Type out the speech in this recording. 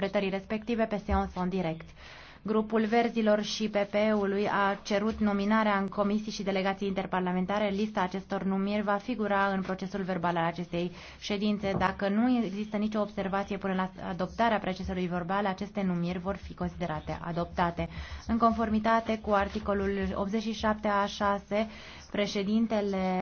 interpretării respective pe seans în direct. Grupul Verzilor și PPE-ului a cerut nominarea în comisii și delegații interparlamentare. Lista acestor numiri va figura în procesul verbal al acestei ședințe. Dacă nu există nicio observație până la adoptarea procesului verbal, aceste numiri vor fi considerate adoptate. În conformitate cu articolul 87 a 6, președintele